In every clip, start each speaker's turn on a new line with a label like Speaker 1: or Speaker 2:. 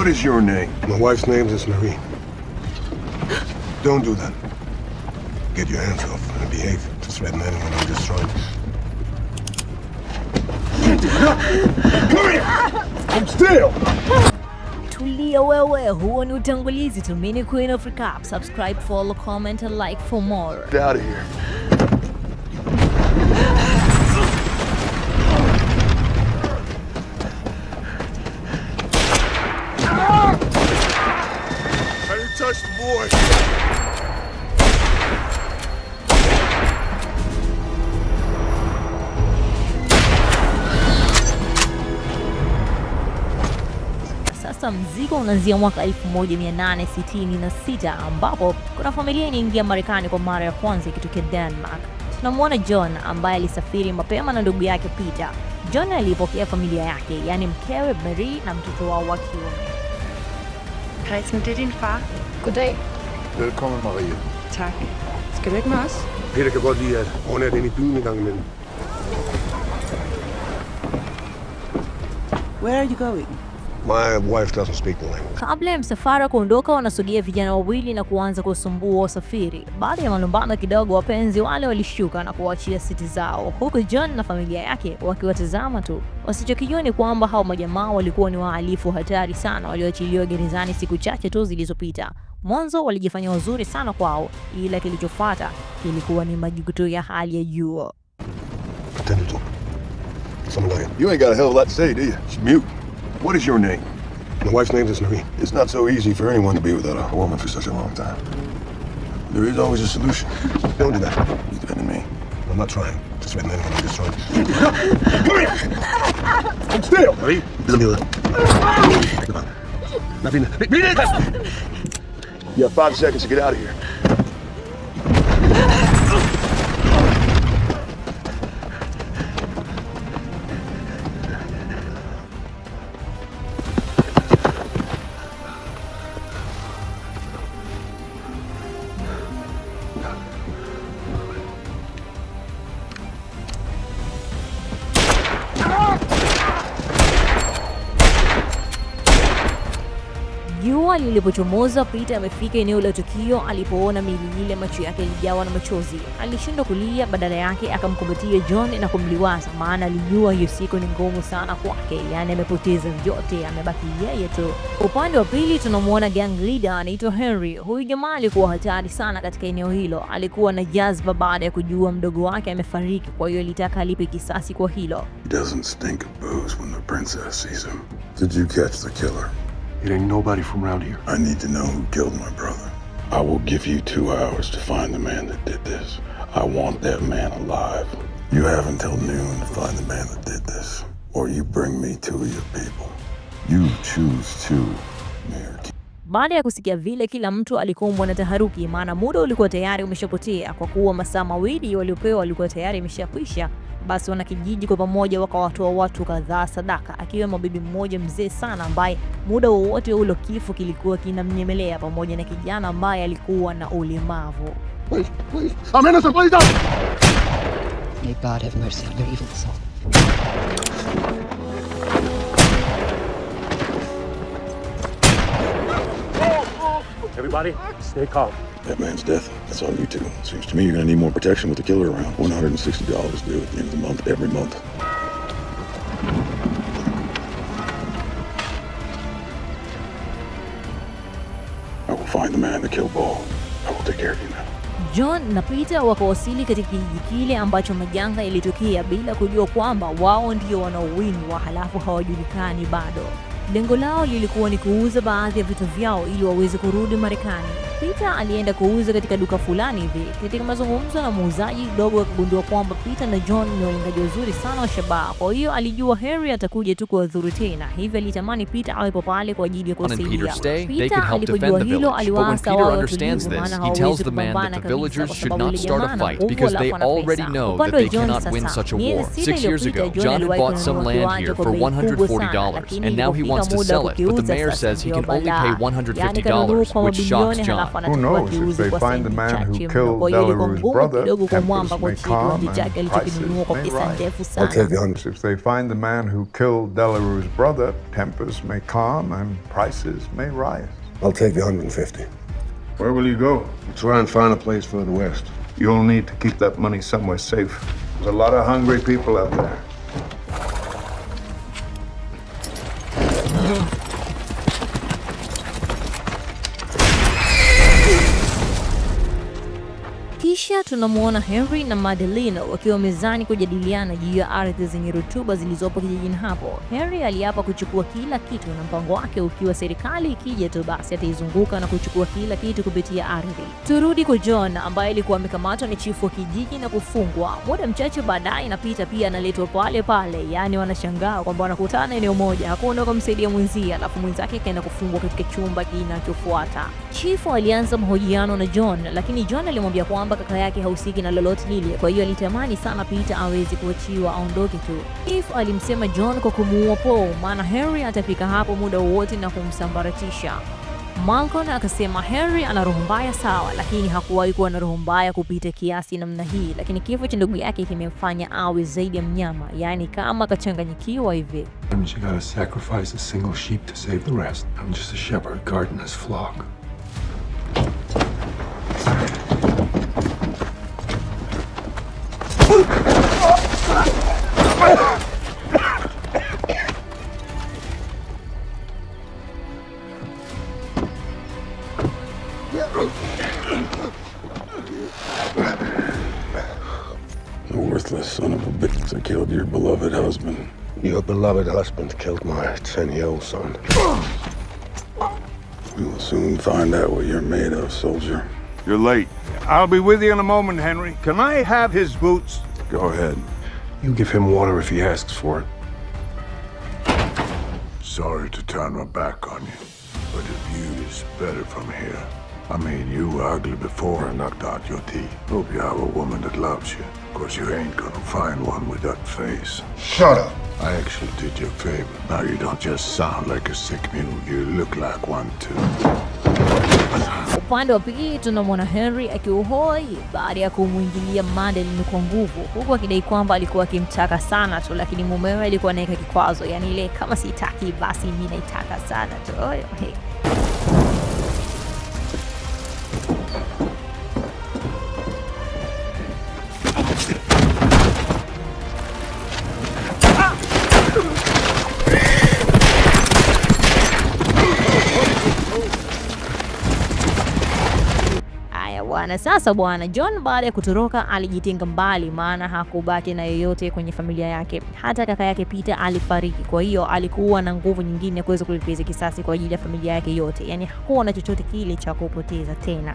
Speaker 1: What is your name?
Speaker 2: My wife's name is Marie. Don't do that. Get your hands off and behave to threaten anyone I'm shrine. Come here! I'm still!
Speaker 3: Tulia wewe, huo ni utangulizi tu. Mini Queen of Recap. Subscribe, follow, comment and like for more.
Speaker 2: Get out of here. just void.
Speaker 3: Sasa mzigo unaanzia mwaka 1866 ambapo kuna familia inaingia Marekani kwa mara ya kwanza ikitokea Denmark. Tunamwona John ambaye alisafiri mapema na ndugu yake Peter. John alipokea familia yake, yaani mkewe Mary na mtoto wao wa kiume.
Speaker 4: Græsen, det er din far. Goddag.
Speaker 2: Velkommen, Marie.
Speaker 4: Tak. Skal du ikke med os?
Speaker 2: Peter kan godt lide at overnatte den i byen en gang imellem.
Speaker 5: Where are you going?
Speaker 2: My wife doesn't speak the language.
Speaker 3: Kabla ya msafara kuondoka, wanasogea vijana wawili na kuanza kusumbua wasafiri. Baada ya malumbano kidogo, wapenzi wale walishuka na kuachia siti zao, huku John na familia yake wakiwatazama tu. Wasichokijua ni kwamba hao majamaa walikuwa ni wahalifu hatari sana walioachiliwa gerezani siku chache tu zilizopita. Mwanzo walijifanya wazuri sana kwao, ila kilichofuata kilikuwa ni majukuto ya hali ya juu.
Speaker 1: You ain't got a hell of a lot to say, do you? She's mute. What is your name?
Speaker 2: My wife's name is Marie.
Speaker 1: It's not so easy for anyone to be without a woman for such a long time. There is always a solution.
Speaker 2: Don't do that. You threaten me. I'm not trying. Just threaten anyone I'm just trying. Come here! still! Marie, Isabella. Come on. Nothing. Read it!
Speaker 1: You have five seconds to get out of here.
Speaker 3: Jua lilipochomoza, Peter amefika eneo la tukio. Alipoona miili ile, macho yake yalijawa na machozi. Alishindwa kulia, badala yake akamkumbatia John na kumliwaza, maana alijua hiyo siku ni ngumu sana kwake. Yaani amepoteza vyote, amebaki yeye tu. Upande wa pili tunamwona gang leader anaitwa Henry. Huyu jamaa alikuwa hatari sana katika eneo hilo, alikuwa na jazba baada ya kujua mdogo wake amefariki, kwa hiyo alitaka alipe kisasi kwa hilo.
Speaker 6: He doesn't stink of booze when the princess sees him.
Speaker 7: Did you catch the killer?
Speaker 2: It ain't nobody from around here.
Speaker 7: I need to know who killed my brother. I will give you two hours to find the man that did this. I want that man alive. You have until noon to find the man that did this, or you bring me two of your people. You choose two, Mayor
Speaker 3: baada ya kusikia vile, kila mtu alikumbwa na taharuki, maana muda ulikuwa tayari umeshapotea, kwa kuwa masaa mawili waliopewa walikuwa tayari imeshakwisha. Basi wanakijiji kwa pamoja wakawatoa watu kadhaa sadaka, akiwemo bibi mmoja mzee sana ambaye muda wowote ulo kifo kilikuwa kinamnyemelea, pamoja na kijana ambaye alikuwa na ulemavu.
Speaker 8: Everybody, stay calm
Speaker 1: that man's death. That's on you too. Seems to me you're gonna need more protection with the killer around. $160 due at the end of the month, every month.
Speaker 2: I will find the man that killed Ball. I will take care of you now.
Speaker 3: John na Peter wakawasili katika kijiji kile ambacho majanga ilitokea bila kujua kwamba wao ndio wanaowindwa, halafu hawajulikani bado. Lengo lao lilikuwa ni kuuza baadhi ya vitu vyao ili waweze kurudi Marekani. Pita alienda kuuza katika duka fulani hivi. Katika mazungumzo na muuzaji, dogo akagundua kwamba Peter na John ni waimbaji wazuri sana wa shabaha, kwa hiyo alijua Harry atakuja tu kuwadhuru tena, hivyo alitamani Peter awepo pale kwa ajili ya
Speaker 9: kusaidia. Pita alipojua hilo, aliwaasa wao watulivu, maana hawawezi kupambana kabisa kwa sababu wale jamaa because they already know that they cannot win such a John halafu
Speaker 10: anatakiwa kiuze kwa sendi chache mno. Kwa hiyo ilikuwa ngumu kidogo kwa mwamba kwa kiwanji chake alichokinunua kwa If they find the man who killed Delarue's brother, tempers may calm and prices may rise.
Speaker 2: I'll take the 150.
Speaker 1: Where will you go?
Speaker 2: I'll try and find a place further west.
Speaker 1: You'll need to keep that money somewhere safe. There's a lot of hungry people out there.
Speaker 3: Kisha tunamwona Henry na Madelino wakiwa mezani kujadiliana juu ya ardhi zenye rutuba zilizopo kijijini hapo. Henry aliapa kuchukua kila kitu na mpango wake ukiwa serikali ikija tu basi ataizunguka na kuchukua kila kitu kupitia ardhi. Turudi kwa John ambaye alikuwa amekamatwa na chifu wa kijiji na kufungwa. Muda mchache baadaye inapita pia analetwa pale pale, yaani wanashangaa kwamba wanakutana eneo moja, hakuna kumsaidia mwenzia alafu mwenzake akaenda kufungwa katika chumba kinachofuata. Chifu alianza mahojiano na John, lakini John alimwambia kwamba maisha yake hahusiki na lolote lile, kwa hiyo alitamani sana Peter aweze kuachiwa aondoke tu. If alimsema John kwa kumuua Paul, maana Harry atafika hapo muda wowote na kumsambaratisha. Malcolm akasema Harry ana roho mbaya sawa, lakini hakuwahi kuwa na roho mbaya kupita kiasi namna hii, lakini kifo cha ndugu yake kimemfanya awe zaidi ya mnyama, yaani kama akachanganyikiwa hivi.
Speaker 2: The
Speaker 7: worthless son of a bitch that killed your beloved husband.
Speaker 2: Your beloved husband killed my 10 year old son.
Speaker 7: We will soon find out what you're made of, soldier.
Speaker 1: You're late.
Speaker 11: I'll be with you in a moment, Henry. Can I have his boots?
Speaker 7: Go ahead.
Speaker 2: You give him water if he asks for it.
Speaker 7: Sorry to turn my back on you, but the view is better from here. I mean, you were ugly before I knocked out your teeth. Hope you have a woman that loves you, because you ain't gonna find one with that face. Shut up! I actually did you a favor. Now you don't just sound like a sick mule, you look like one too.
Speaker 3: Upande wa pili tunamwona Henry akiuhoi baada ya kumwingilia Madeline kwa nguvu, huku akidai kwamba alikuwa akimtaka sana tu, lakini mumewe alikuwa anaweka kikwazo, yani ile kama sitaki basi mi naitaka sana tu. bwana. Sasa bwana John baada ya kutoroka alijitenga mbali, maana hakubaki na yeyote kwenye familia yake. Hata kaka yake Peter alifariki, kwa hiyo alikuwa na nguvu nyingine ya kuweza kulipiza kisasi kwa ajili ya familia yake yote, yaani hakuwa na chochote kile cha kupoteza tena.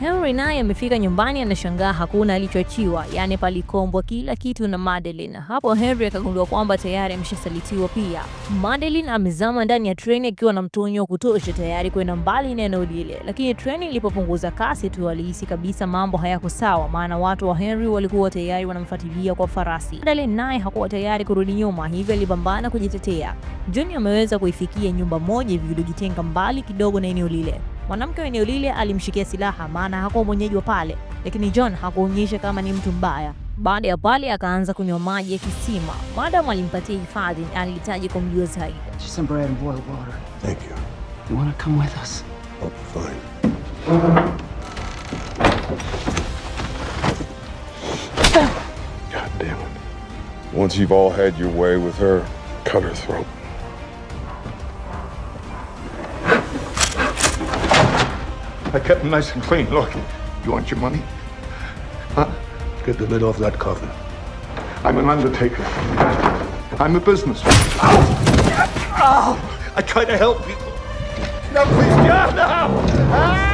Speaker 3: Henry naye amefika nyumbani anashangaa hakuna alichoachiwa, yaani palikombwa kila kitu na Madeline. Hapo Henry akagundua kwamba tayari ameshasalitiwa pia. Madeline amezama ndani ya treni akiwa na mtonyo wa kutosha tayari kwenda mbali na eneo lile, lakini treni ilipopunguza kasi tu alihisi kabisa mambo hayako sawa, maana watu wa Henry walikuwa tayari wanamfuatilia kwa farasi. Madeline naye hakuwa tayari kurudi nyuma, hivyo alipambana kujitetea. John ameweza kuifikia nyumba moja viliyojitenga mbali kidogo na eneo lile. Mwanamke wa eneo lile alimshikia silaha, maana hakuwa mwenyeji wa pale, lakini John hakuonyesha kama ni mtu mbaya. Baada ya pale akaanza kunywa maji ya kisima. Madam alimpatia hifadhi, alihitaji kumjua zaidi.
Speaker 2: Oh,
Speaker 7: Once you've all had your way with her, cut her throat.
Speaker 12: I kept them nice and clean. Look, you want your money? Huh?
Speaker 2: Get the lid off that coffin.
Speaker 12: I'm an undertaker. I'm a businessman. Oh. oh. I try to help people. No, please, John, no! Ah!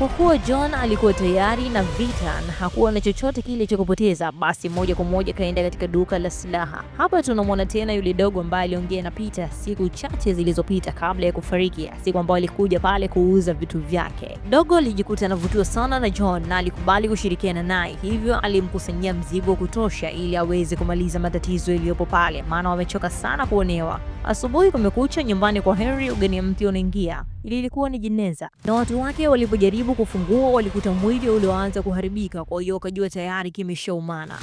Speaker 3: Kwa kuwa John alikuwa tayari na vita na hakuwa na chochote kile cha kupoteza, basi moja kwa moja kaenda katika duka la silaha. Hapa tunamwona tena yule dogo ambaye aliongea na Peter siku chache zilizopita kabla ya kufariki, siku ambayo alikuja pale kuuza vitu vyake. Dogo alijikuta anavutiwa sana na John na alikubali kushirikiana naye, hivyo alimkusanyia mzigo wa kutosha ili aweze kumaliza matatizo yaliyopo pale, maana wamechoka sana kuonewa. Asubuhi kumekucha, nyumbani kwa Henry ugeni mpya unaingia. ililikuwa ilikuwa ni jeneza, na watu wake walipojaribu kufungua walikuta mwili ulioanza kuharibika, kwa hiyo wakajua tayari kimeshaumana.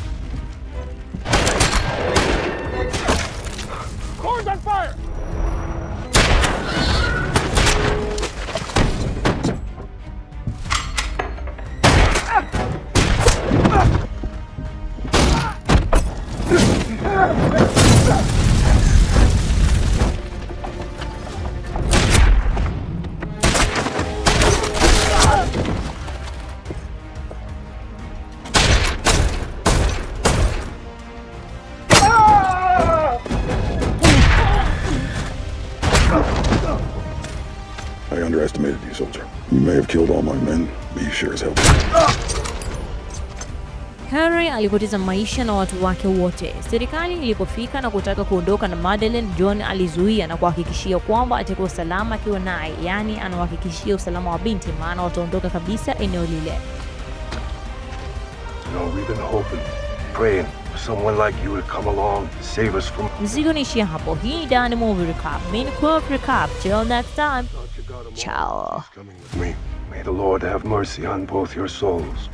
Speaker 2: underestimated you, soldier. You may have killed all my men, but you sure as hell
Speaker 3: Harry alipoteza maisha na watu wake wote. Serikali ilipofika na kutaka kuondoka na Madeleine, John alizuia na kuhakikishia kwamba atakuwa salama akiwa naye, yaani anahakikishia usalama wa binti, maana wataondoka kabisa eneo lile.
Speaker 2: You know, someone like you to come along to save us from.
Speaker 3: Nzigonishi hapo hii Dynamo Till next time, ciao. Coming
Speaker 7: with me. May the Lord have mercy on both your souls.